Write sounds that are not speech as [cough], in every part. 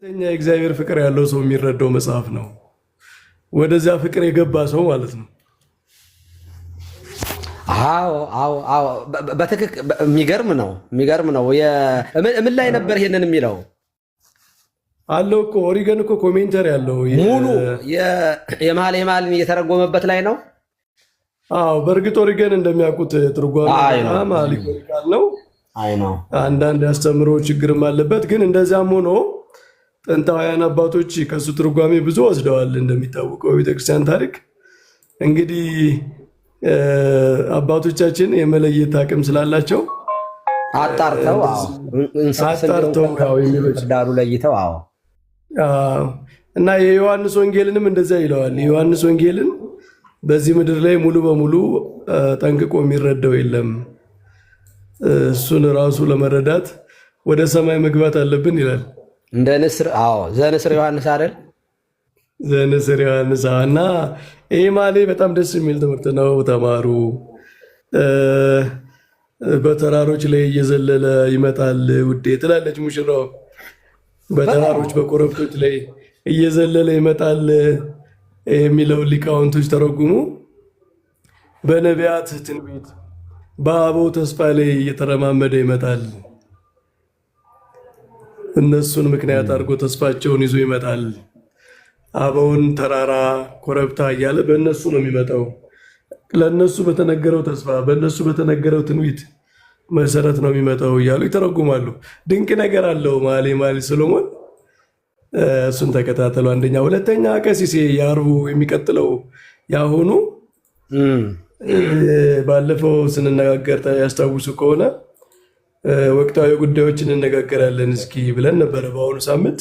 ከፍተኛ የእግዚአብሔር ፍቅር ያለው ሰው የሚረዳው መጽሐፍ ነው። ወደዚያ ፍቅር የገባ ሰው ማለት ነው። አዎ አዎ አዎ፣ በትክክል የሚገርም ነው። የሚገርም ነው። ምን ላይ ነበር ይሄንን የሚለው አለው እኮ ኦሪገን እኮ ኮሜንተር ያለው ሙሉ የመሀል የመሀልን እየተረጎመበት ላይ ነው። አዎ በእርግጥ ኦሪገን እንደሚያውቁት ትርጓሜ ነው። አንዳንድ ያስተምሮ ችግርም አለበት፣ ግን እንደዚያም ሆኖ ጥንታውያን አባቶች ከሱ ትርጓሜ ብዙ ወስደዋል። እንደሚታወቀው የቤተክርስቲያን ታሪክ እንግዲህ አባቶቻችን የመለየት አቅም ስላላቸው እና የዮሐንስ ወንጌልንም እንደዚያ ይለዋል። የዮሐንስ ወንጌልን በዚህ ምድር ላይ ሙሉ በሙሉ ጠንቅቆ የሚረዳው የለም፣ እሱን ራሱ ለመረዳት ወደ ሰማይ መግባት አለብን ይላል። እንደ ንስር አዎ፣ ዘንስር ዮሐንስ አይደል? ዘንስር ዮሐንስ እና ይሄ ማሌ በጣም ደስ የሚል ትምህርት ነው። ተማሩ። በተራሮች ላይ እየዘለለ ይመጣል ውዴ ትላለች ሙሽራው። በተራሮች በኮረብቶች ላይ እየዘለለ ይመጣል የሚለው ሊቃውንቶች ተረጉሙ በነቢያት ትንቢት በአበው ተስፋ ላይ እየተረማመደ ይመጣል እነሱን ምክንያት አድርጎ ተስፋቸውን ይዞ ይመጣል። አበውን ተራራ ኮረብታ እያለ በእነሱ ነው የሚመጣው። ለእነሱ በተነገረው ተስፋ በእነሱ በተነገረው ትንቢት መሰረት ነው የሚመጣው እያሉ ይተረጉማሉ። ድንቅ ነገር አለው ማሊ ማሌ ሰሎሞን። እሱን ተከታተሉ። አንደኛ፣ ሁለተኛ ቀሲሴ የአርቡ የሚቀጥለው ያሁኑ ባለፈው ስንነጋገር ያስታውሱ ከሆነ ወቅታዊ ጉዳዮች እንነጋገራለን እስኪ ብለን ነበረ። በአሁኑ ሳምንት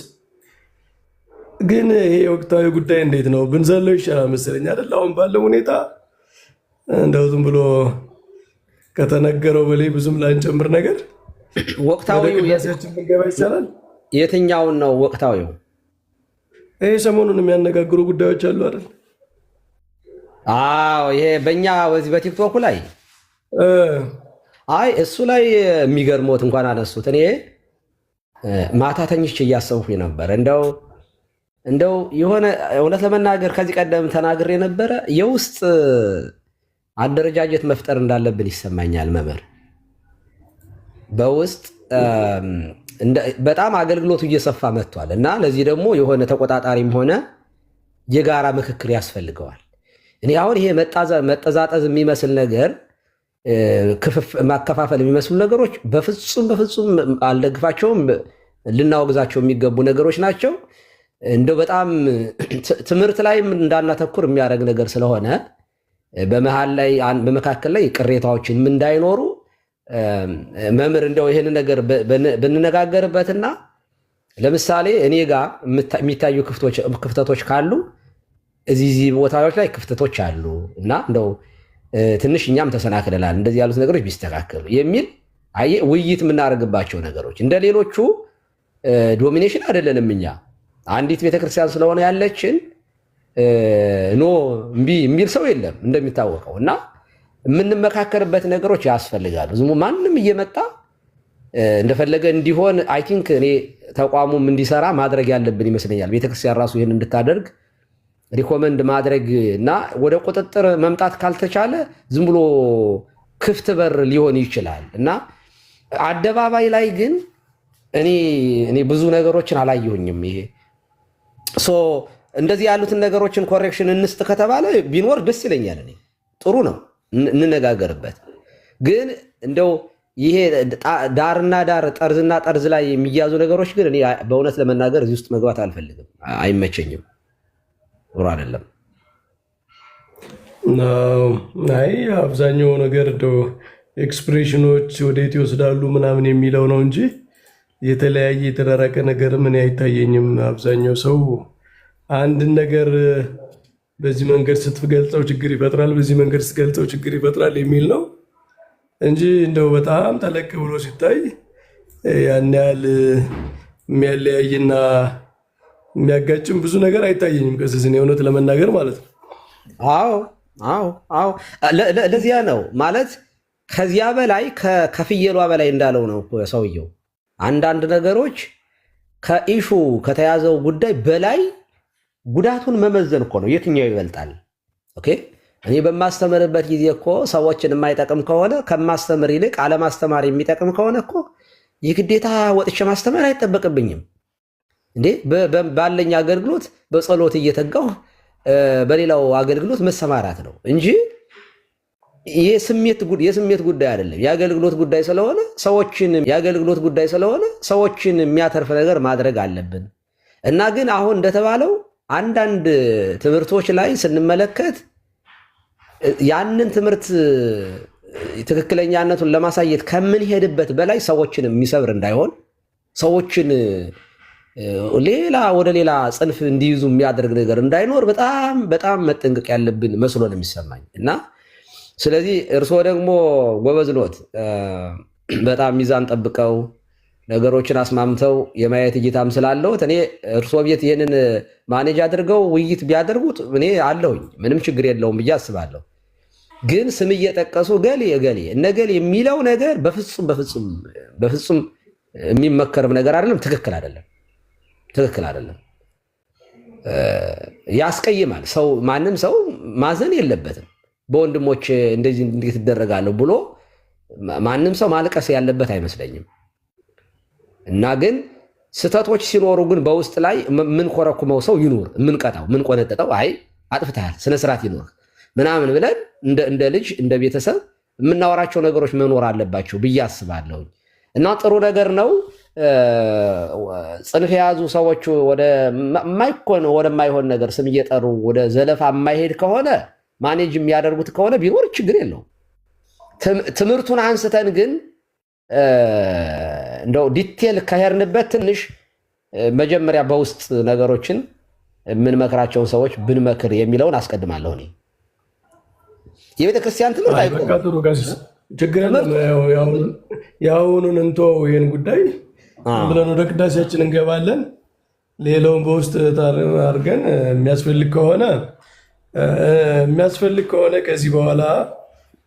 ግን ይሄ ወቅታዊ ጉዳይ እንዴት ነው ብንዘለው ይሻላል መሰለኝ አይደል? አሁን ባለው ሁኔታ እንደው ዝም ብሎ ከተነገረው በላይ ብዙም ላንጨምር ነገር ወቅታዊ ይቻላል። የትኛውን ነው ወቅታዊው? ይሄ ሰሞኑን የሚያነጋግሩ ጉዳዮች አሉ አይደል? አዎ ይሄ በእኛ በዚህ በቲክቶኩ ላይ አይ እሱ ላይ የሚገርሞት እንኳን አነሱት። እኔ ማታ ተኝቼ እያሰብኩኝ ነበር። እንደው እንደው የሆነ እውነት ለመናገር ከዚህ ቀደም ተናግሬ የነበረ የውስጥ አደረጃጀት መፍጠር እንዳለብን ይሰማኛል። መምህር በውስጥ በጣም አገልግሎቱ እየሰፋ መጥቷል እና ለዚህ ደግሞ የሆነ ተቆጣጣሪም ሆነ የጋራ ምክክር ያስፈልገዋል። እኔ አሁን ይሄ መጠዛጠዝ የሚመስል ነገር ማከፋፈል የሚመስሉ ነገሮች በፍጹም በፍጹም አልደግፋቸውም። ልናወግዛቸው የሚገቡ ነገሮች ናቸው። እንደው በጣም ትምህርት ላይም እንዳናተኩር የሚያደርግ ነገር ስለሆነ በመሃል ላይ በመካከል ላይ ቅሬታዎችን እንዳይኖሩ መምህር እንደው ይህን ነገር ብንነጋገርበትና ለምሳሌ እኔ ጋ የሚታዩ ክፍተቶች ካሉ እዚህ ቦታዎች ላይ ክፍተቶች አሉ እና እንደው ትንሽ እኛም ተሰናክለናል፣ እንደዚህ ያሉት ነገሮች ቢስተካከሉ የሚል ውይይት የምናደርግባቸው ነገሮች እንደ ሌሎቹ ዶሚኔሽን አይደለንም። እኛ አንዲት ቤተክርስቲያን ስለሆነ ያለችን ኖ እምቢ የሚል ሰው የለም እንደሚታወቀው እና የምንመካከርበት ነገሮች ያስፈልጋሉ። ዝሙ ማንም እየመጣ እንደፈለገ እንዲሆን አይ ቲንክ እኔ ተቋሙም እንዲሰራ ማድረግ ያለብን ይመስለኛል። ቤተክርስቲያን ራሱ ይህን እንድታደርግ ሪኮመንድ ማድረግ እና ወደ ቁጥጥር መምጣት ካልተቻለ ዝም ብሎ ክፍት በር ሊሆን ይችላል እና አደባባይ ላይ ግን እኔ እኔ ብዙ ነገሮችን አላየሁኝም። ይሄ እንደዚህ ያሉትን ነገሮችን ኮሬክሽን እንስጥ ከተባለ ቢኖር ደስ ይለኛል። እኔ ጥሩ ነው እንነጋገርበት። ግን እንደው ይሄ ዳርና ዳር ጠርዝና ጠርዝ ላይ የሚያዙ ነገሮች ግን እኔ በእውነት ለመናገር እዚህ ውስጥ መግባት አልፈልግም፣ አይመቸኝም። ጥሩ አይደለም። አይ አብዛኛው ነገር ኤክስፕሬሽኖች ወዴት ይወስዳሉ ምናምን የሚለው ነው እንጂ የተለያየ የተደረቀ ነገር ምን አይታየኝም። አብዛኛው ሰው አንድን ነገር በዚህ መንገድ ስትገልጸው ችግር ይፈጥራል፣ በዚህ መንገድ ስትገልጸው ችግር ይፈጥራል የሚል ነው እንጂ እንደው በጣም ጠለቅ ብሎ ሲታይ ያን ያህል የሚያለያይና የሚያጋጭም ብዙ ነገር አይታየኝም። ቀሲስን የእውነት ለመናገር ማለት ነው። አዎ አዎ አዎ፣ ለዚያ ነው ማለት ከዚያ በላይ ከፍየሏ በላይ እንዳለው ነው ሰውየው። አንዳንድ ነገሮች ከኢሹ ከተያዘው ጉዳይ በላይ ጉዳቱን መመዘን እኮ ነው። የትኛው ይበልጣል? ኦኬ እኔ በማስተምርበት ጊዜ እኮ ሰዎችን የማይጠቅም ከሆነ ከማስተምር ይልቅ አለማስተማር የሚጠቅም ከሆነ እኮ የግዴታ ወጥቼ ማስተማር አይጠበቅብኝም። እንዴ ባለኝ አገልግሎት በጸሎት እየተጋሁ በሌላው አገልግሎት መሰማራት ነው እንጂ የስሜት ጉዳይ አይደለም። የአገልግሎት ጉዳይ ስለሆነ ሰዎችን የአገልግሎት ጉዳይ ስለሆነ ሰዎችን የሚያተርፍ ነገር ማድረግ አለብን እና ግን አሁን እንደተባለው አንዳንድ ትምህርቶች ላይ ስንመለከት ያንን ትምህርት ትክክለኛነቱን ለማሳየት ከምንሄድበት በላይ ሰዎችን የሚሰብር እንዳይሆን ሰዎችን ሌላ ወደ ሌላ ጽንፍ እንዲይዙ የሚያደርግ ነገር እንዳይኖር በጣም በጣም መጠንቀቅ ያለብን መስሎ ነው የሚሰማኝ እና ስለዚህ እርስዎ ደግሞ ጎበዝ ኖት። በጣም ሚዛን ጠብቀው ነገሮችን አስማምተው የማየት እይታም ስላለሁት እኔ እርስዎ ቤት ይህንን ማኔጅ አድርገው ውይይት ቢያደርጉት እኔ አለሁኝ ምንም ችግር የለውም ብዬ አስባለሁ። ግን ስም እየጠቀሱ ገሌ ገሌ እነ ገሌ የሚለው ነገር በፍጹም በፍጹም የሚመከርም ነገር አይደለም፣ ትክክል አይደለም። ትክክል አይደለም፣ ያስቀይማል። ሰው ማንም ሰው ማዘን የለበትም። በወንድሞች እንደዚህ እንዴት ብሎ ማንም ሰው ማልቀስ ያለበት አይመስለኝም። እና ግን ስህተቶች ሲኖሩ ግን በውስጥ ላይ የምንኮረኩመው ሰው ይኑር፣ የምንቀጣው የምንቆነጠጠው፣ አይ አጥፍተሃል፣ ስነስርዓት ይኑር ምናምን ብለን እንደ ልጅ እንደ ቤተሰብ የምናወራቸው ነገሮች መኖር አለባቸው ብዬ አስባለሁኝ። እና ጥሩ ነገር ነው ጽንፍ የያዙ ሰዎች ወደማይኮን ወደማይሆን ነገር ስም እየጠሩ ወደ ዘለፋ የማይሄድ ከሆነ ማኔጅ የሚያደርጉት ከሆነ ቢኖር ችግር የለው ትምህርቱን አንስተን ግን እንደው ዲቴል ከሄርንበት ትንሽ መጀመሪያ በውስጥ ነገሮችን የምንመክራቸውን ሰዎች ብንመክር የሚለውን አስቀድማለሁ። እኔ የቤተ ክርስቲያን ትምህርት አይቆም ችግር የለም። የአሁኑን እንቶ ይህን ጉዳይ ብለን ወደ ቅዳሴያችን እንገባለን። ሌላውን በውስጥ አድርገን የሚያስፈልግ ከሆነ የሚያስፈልግ ከሆነ ከዚህ በኋላ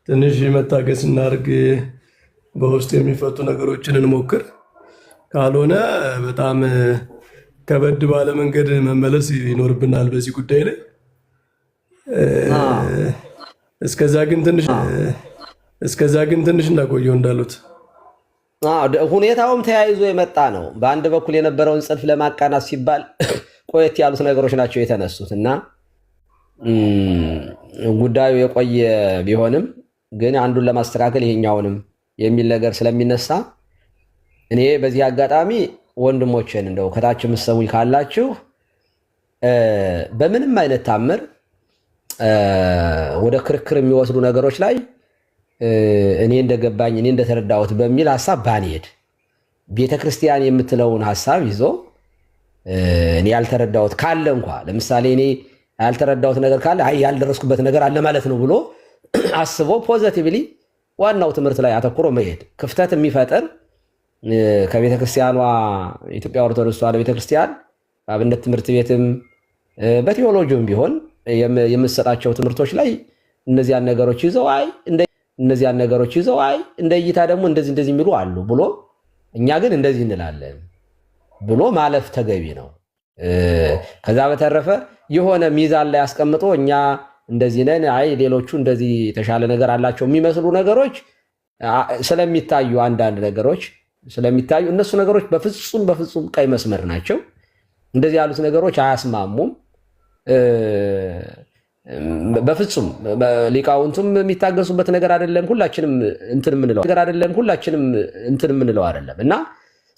ትንሽ መታገስ እናድርግ፣ በውስጥ የሚፈቱ ነገሮችን እንሞክር። ካልሆነ በጣም ከበድ ባለ መንገድ መመለስ ይኖርብናል በዚህ ጉዳይ ላይ። እስከዛ ግን ትንሽ እስከዛ ግን ትንሽ እናቆየው እንዳሉት ሁኔታውም ተያይዞ የመጣ ነው። በአንድ በኩል የነበረውን ጽንፍ ለማቃናት ሲባል [coughs] ቆየት ያሉት ነገሮች ናቸው የተነሱት እና ጉዳዩ የቆየ ቢሆንም ግን አንዱን ለማስተካከል ይሄኛውንም የሚል ነገር ስለሚነሳ እኔ በዚህ አጋጣሚ ወንድሞችን እንደው ከታች የምትሰሙኝ ካላችሁ በምንም አይነት ታምር ወደ ክርክር የሚወስዱ ነገሮች ላይ እኔ እንደገባኝ እኔ እንደተረዳሁት በሚል ሀሳብ ባንሄድ ቤተ ክርስቲያን የምትለውን ሀሳብ ይዞ እኔ ያልተረዳሁት ካለ እንኳ ለምሳሌ እኔ ያልተረዳሁት ነገር ካለ አይ ያልደረስኩበት ነገር አለ ማለት ነው ብሎ [clears throat] አስቦ ፖዘቲቭሊ ዋናው ትምህርት ላይ አተኩሮ መሄድ ክፍተት የሚፈጥር ከቤተ ክርስቲያኗ ኢትዮጵያ ኦርቶዶክስ ተዋሕዶ ቤተ ክርስቲያን በአብነት ትምህርት ቤትም በቴዎሎጂውም ቢሆን የምትሰጣቸው ትምህርቶች ላይ እነዚያን ነገሮች ይዘው አይ እንደ እነዚያን ነገሮች ይዘው አይ እንደ እይታ ደግሞ እንደዚህ እንደዚህ የሚሉ አሉ ብሎ እኛ ግን እንደዚህ እንላለን ብሎ ማለፍ ተገቢ ነው። ከዛ በተረፈ የሆነ ሚዛን ላይ አስቀምጦ እኛ እንደዚህ ነን፣ አይ ሌሎቹ እንደዚህ የተሻለ ነገር አላቸው የሚመስሉ ነገሮች ስለሚታዩ አንዳንድ ነገሮች ስለሚታዩ እነሱ ነገሮች በፍጹም በፍጹም ቀይ መስመር ናቸው። እንደዚህ ያሉት ነገሮች አያስማሙም። በፍጹም ሊቃውንቱም የሚታገሱበት ነገር አይደለም። ሁላችንም እንትን የምንለው ነገር አይደለም። ሁላችንም እንትን የምንለው አይደለም እና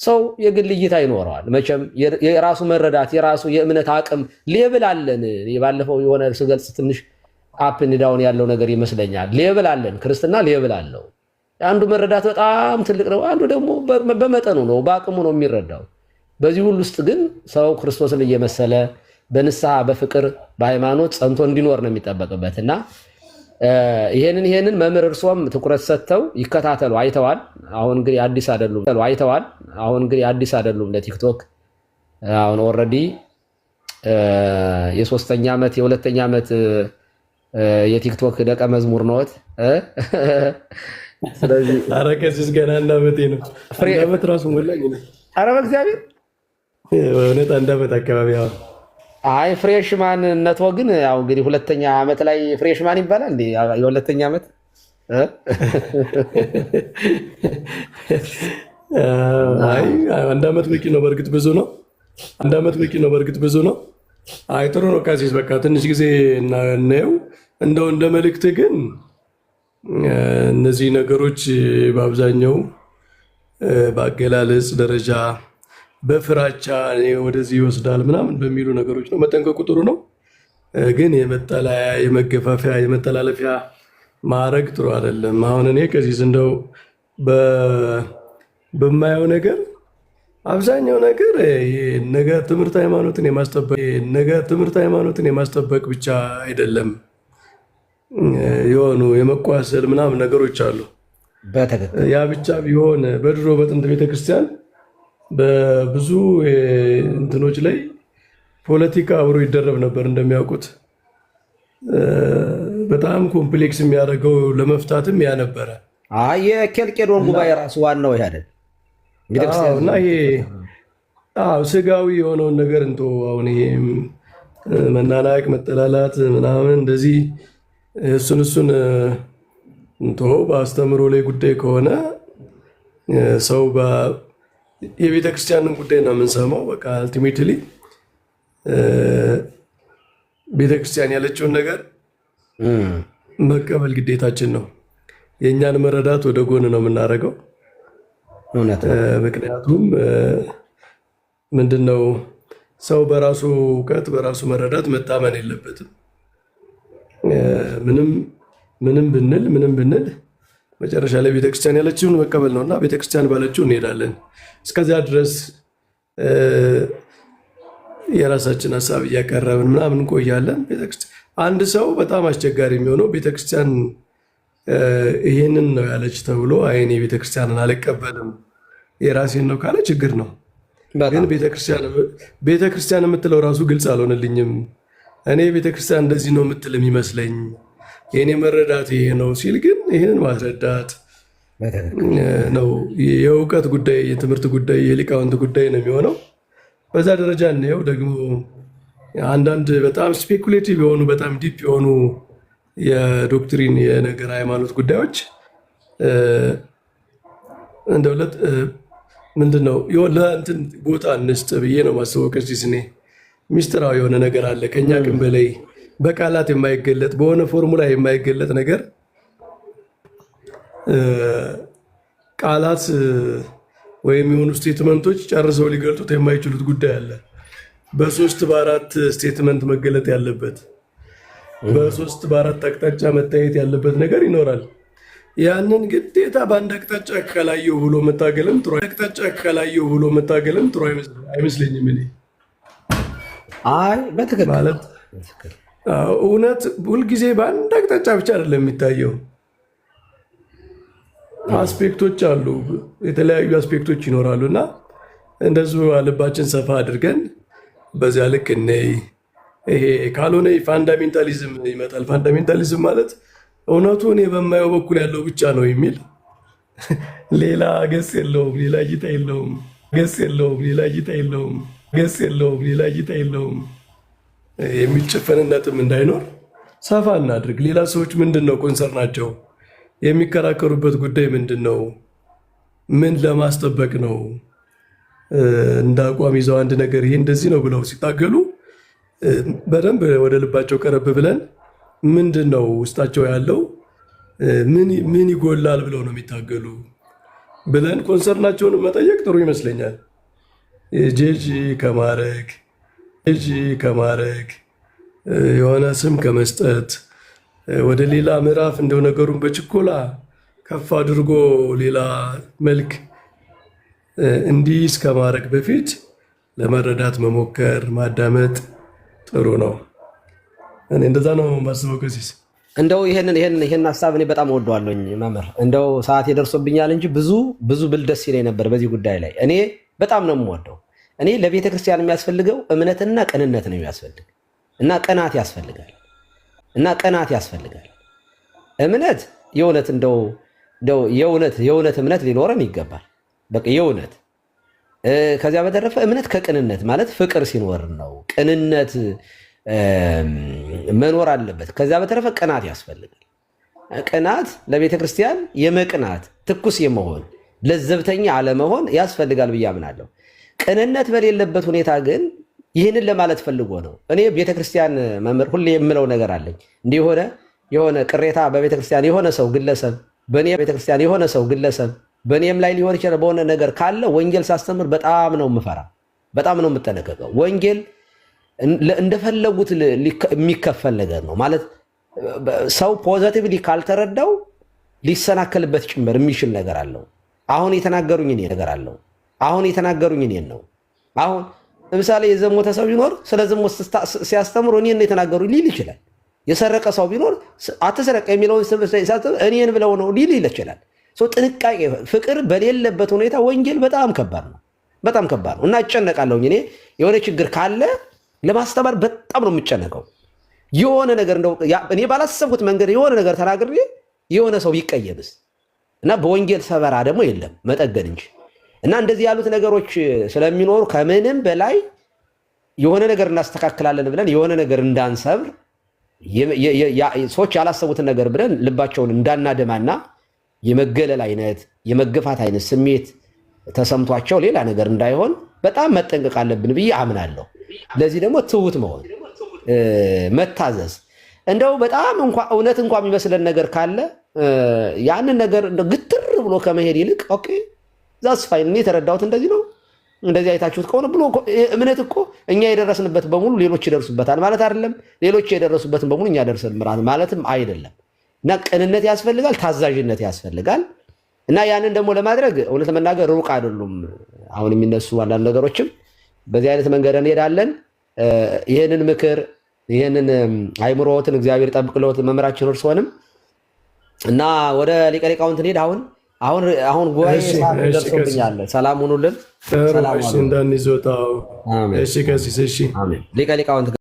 ሰው የግል እይታ ይኖረዋል። መቼም የራሱ መረዳት የራሱ የእምነት አቅም ሌብል አለን። ባለፈው የሆነ ስገልጽ ትንሽ አፕን ዳውን ያለው ነገር ይመስለኛል። ሌብል አለን፣ ክርስትና ሌብል አለው። አንዱ መረዳት በጣም ትልቅ ነው፣ አንዱ ደግሞ በመጠኑ ነው፣ በአቅሙ ነው የሚረዳው። በዚህ ሁሉ ውስጥ ግን ሰው ክርስቶስን እየመሰለ በንስሐ በፍቅር በሃይማኖት ጸንቶ እንዲኖር ነው የሚጠበቅበት እና ይሄንን ይሄንን መምህር እርሶም ትኩረት ሰጥተው ይከታተሉ። አይተዋል። አሁን እንግዲህ አዲስ አይደሉም። አይተዋል። አሁን እንግዲህ አዲስ አይደሉም ለቲክቶክ አሁን ኦልሬዲ የሶስተኛ ዓመት የሁለተኛ ዓመት የቲክቶክ ደቀ መዝሙር ነዎት። ስለዚህ ኧረ ከዚህ ገና አንድ ነው። አንድ ራሱ ሞላኝ። ኧረ በእግዚአብሔር በእውነት አንዳመት አካባቢ አሁን አይ ነቶ ግን ያው እንግዲህ ሁለተኛ ዓመት ላይ ፍሬሽማን ይባላል እንዴ? የሁለተኛ ዓመት አንድ ዓመት በቂ ነው። በእርግጥ ብዙ ነው። አንድ ዓመት በቂ ነው። በእርግጥ ብዙ ነው። አይ ጥሩ ነው። ቃሲስ በቃ ትንሽ ጊዜ እናየው። እንደው እንደ መልእክት ግን እነዚህ ነገሮች በአብዛኛው በአገላለጽ ደረጃ በፍራቻ ወደዚህ ይወስዳል ምናምን በሚሉ ነገሮች ነው። መጠንቀቁ ጥሩ ነው፣ ግን የመጠላያ የመገፋፊያ የመጠላለፊያ ማዕረግ ጥሩ አይደለም። አሁን እኔ ከዚህ እንደው በማየው ነገር አብዛኛው ነገር ነገ ትምህርት ሃይማኖትን የማስጠበቅ ነገ ትምህርት ሃይማኖትን የማስጠበቅ ብቻ አይደለም። የሆኑ የመቋሰል ምናምን ነገሮች አሉ። ያ ብቻ ቢሆን በድሮ በጥንት ቤተክርስቲያን በብዙ እንትኖች ላይ ፖለቲካ አብሮ ይደረብ ነበር። እንደሚያውቁት በጣም ኮምፕሌክስ የሚያደርገው ለመፍታትም ያ ነበረ። የኬልቄዶን ጉባኤ ራሱ ዋናው እና ይሄ ስጋዊ የሆነውን ነገር እንቶ አሁን ይሄ መናናቅ፣ መጠላላት ምናምን እንደዚህ እሱን እሱን እንቶ በአስተምሮ ላይ ጉዳይ ከሆነ ሰው የቤተ ክርስቲያንን ጉዳይ ነው የምንሰማው። በቃ አልቲሜትሊ ቤተ ክርስቲያን ያለችውን ነገር መቀበል ግዴታችን ነው። የእኛን መረዳት ወደ ጎን ነው የምናደርገው። ምክንያቱም ምንድን ነው ሰው በራሱ እውቀት በራሱ መረዳት መታመን የለበትም። ምንም ምንም ብንል ምንም ብንል መጨረሻ ላይ ቤተክርስቲያን ያለችውን መቀበል ነው እና ቤተክርስቲያን ባለችው እንሄዳለን። እስከዚያ ድረስ የራሳችን ሀሳብ እያቀረብን ምናምን እንቆያለን። አንድ ሰው በጣም አስቸጋሪ የሚሆነው ቤተክርስቲያን ይህንን ነው ያለች ተብሎ አይኔ ቤተክርስቲያንን አልቀበልም የራሴን ነው ካለ ችግር ነው። ግን ቤተክርስቲያን የምትለው ራሱ ግልጽ አልሆነልኝም። እኔ ቤተክርስቲያን እንደዚህ ነው የምትል የሚመስለኝ የኔ መረዳት ይሄ ነው ሲል ግን ይህንን ማስረዳት ነው። የእውቀት ጉዳይ፣ የትምህርት ጉዳይ፣ የሊቃውንት ጉዳይ ነው የሚሆነው። በዛ ደረጃ እናየው። ደግሞ አንዳንድ በጣም ስፔኩሌቲቭ የሆኑ በጣም ዲፕ የሆኑ የዶክትሪን የነገር ሃይማኖት ጉዳዮች እንደው ምንድን ነው ለእንትን ቦታ እንስጥ ብዬ ነው ማስበው። ቀሲስ ሚስጥራዊ የሆነ ነገር አለ ከእኛ ቅን በላይ በቃላት የማይገለጥ በሆነ ፎርሙላ የማይገለጥ ነገር ቃላት ወይም የሆኑ ስቴትመንቶች ጨርሰው ሊገልጡት የማይችሉት ጉዳይ አለ። በሶስት በአራት ስቴትመንት መገለጥ ያለበት በሶስት በአራት አቅጣጫ መታየት ያለበት ነገር ይኖራል። ያንን ግዴታ በአንድ አቅጣጫ ከላየው ብሎ መታገልም ጥሩ አቅጣጫ ከላየው ብሎ መታገልም ጥሩ አይመስለኝም እኔ አይ በትክክል ማለት እውነት ሁልጊዜ በአንድ አቅጣጫ ብቻ አይደለም የሚታየው። አስፔክቶች አሉ፣ የተለያዩ አስፔክቶች ይኖራሉ እና እንደዚሁ ልባችን ሰፋ አድርገን በዚያ ልክ እነይ ይሄ ካልሆነ ፋንዳሜንታሊዝም ይመጣል። ፋንዳሜንታሊዝም ማለት እውነቱ እኔ በማየው በኩል ያለው ብቻ ነው የሚል ሌላ ገጽ የለውም፣ ሌላ እይታ የለውም፣ ገጽ የለውም፣ ሌላ እይታ የለውም፣ ገጽ የለውም፣ ሌላ እይታ የለውም። የሚጨፈን እንዳይኖር ሰፋ እናድርግ። ሌላ ሰዎች ምንድን ነው ኮንሰርናቸው? የሚከራከሩበት ጉዳይ ምንድን ነው? ምን ለማስጠበቅ ነው? እንደ አቋም ይዘው አንድ ነገር ይሄ እንደዚህ ነው ብለው ሲታገሉ በደንብ ወደ ልባቸው ቀረብ ብለን ምንድን ነው ውስጣቸው ያለው ምን ይጎላል ብለው ነው የሚታገሉ ብለን ኮንሰርናቸውን መጠየቅ ጥሩ ይመስለኛል። ጄጂ ከማረግ? ልጅ ከማረግ የሆነ ስም ከመስጠት ወደ ሌላ ምዕራፍ እንደው ነገሩን በችኮላ ከፍ አድርጎ ሌላ መልክ እንዲይዝ ከማድረግ በፊት ለመረዳት መሞከር ማዳመጥ ጥሩ ነው። እኔ እንደዛ ነው ማስበው። ከዚህ እንደው ይሄን ሀሳብ እኔ በጣም ወደዋለኝ መምህር፣ እንደው ሰዓት የደርሶብኛል እንጂ ብዙ ብዙ ብል ደስ ይለኝ ነበር በዚህ ጉዳይ ላይ እኔ በጣም ነው የምወደው። እኔ ለቤተ ክርስቲያን የሚያስፈልገው እምነትና ቅንነት ነው የሚያስፈልግ እና ቅናት ያስፈልጋል እና ቅናት ያስፈልጋል። እምነት የእውነት እንደው የእውነት የእውነት እምነት ሊኖረን ይገባል። በቃ የእውነት ከዚያ በተረፈ እምነት ከቅንነት ማለት ፍቅር ሲኖር ነው። ቅንነት መኖር አለበት። ከዚያ በተረፈ ቅናት ያስፈልጋል። ቅናት ለቤተ ክርስቲያን የመቅናት ትኩስ የመሆን ለዘብተኛ አለመሆን ያስፈልጋል ብዬ አምናለሁ። ቅንነት በሌለበት ሁኔታ ግን ይህንን ለማለት ፈልጎ ነው። እኔ ቤተክርስቲያን መምህር ሁሌ የምለው ነገር አለኝ። እንዲህ የሆነ የሆነ ቅሬታ በቤተክርስቲያን የሆነ ሰው ግለሰብ በእኔ ቤተክርስቲያን የሆነ ሰው ግለሰብ በእኔም ላይ ሊሆን ይችላል በሆነ ነገር ካለ ወንጌል ሳስተምር በጣም ነው የምፈራ፣ በጣም ነው የምጠነቀቀው። ወንጌል እንደፈለጉት የሚከፈል ነገር ነው ማለት ሰው ፖዘቲቭሊ ካልተረዳው ሊሰናከልበት ጭምር የሚችል ነገር አለው። አሁን የተናገሩኝ ነገር አለው አሁን የተናገሩኝ እኔን ነው። አሁን ለምሳሌ የዘሞተ ሰው ቢኖር ስለ ዝሙት ሲያስተምሩ እኔን ነው የተናገሩኝ ሊል ይችላል። የሰረቀ ሰው ቢኖር አትሰረቀ የሚለውን እኔን ብለው ነው ሊል ይችላል። ጥንቃቄ፣ ፍቅር በሌለበት ሁኔታ ወንጌል በጣም ከባድ ነው። በጣም ከባድ ነው እና እጨነቃለሁኝ። እኔ የሆነ ችግር ካለ ለማስተማር በጣም ነው የምጨነቀው። የሆነ ነገር እንደው እኔ ባላሰብኩት መንገድ የሆነ ነገር ተናግሬ የሆነ ሰው ይቀየምስ እና በወንጌል ሰበራ ደግሞ የለም መጠገን እንጂ እና እንደዚህ ያሉት ነገሮች ስለሚኖሩ ከምንም በላይ የሆነ ነገር እናስተካክላለን ብለን የሆነ ነገር እንዳንሰብር ሰዎች ያላሰቡትን ነገር ብለን ልባቸውን እንዳናደማና የመገለል አይነት የመገፋት አይነት ስሜት ተሰምቷቸው ሌላ ነገር እንዳይሆን በጣም መጠንቀቅ አለብን ብዬ አምናለሁ። ለዚህ ደግሞ ትሁት መሆን፣ መታዘዝ እንደው በጣም እንኳ እውነት እንኳ የሚመስለን ነገር ካለ ያንን ነገር ግትር ብሎ ከመሄድ ይልቅ ኦኬ ዛስ ፋይን እኔ የተረዳሁት እንደዚህ ነው። እንደዚህ አይታችሁት ከሆነ ብሎ እምነት እኮ እኛ የደረስንበት በሙሉ ሌሎች ይደርሱበታል ማለት አይደለም። ሌሎች የደረሱበትን በሙሉ እኛ ደርሰን ማለትም አይደለም። እና ቅንነት ያስፈልጋል፣ ታዛዥነት ያስፈልጋል። እና ያንን ደግሞ ለማድረግ እውነት መናገር ሩቅ አይደሉም። አሁን የሚነሱ አንዳንድ ነገሮችም በዚህ አይነት መንገድ እንሄዳለን። ይህንን ምክር ይህንን አይምሮትን እግዚአብሔር ጠብቅለውት መምህራችን እርስዎንም እና ወደ ሊቀ ሊቃውንት እንሄድ አሁን አሁን አሁን ጉባኤ ደርሶብኛል። ሰላም ሁኑልን። እንዳንይዞታው እሺ፣ ከዚህ እሺ ሊቀ ሊቃውንት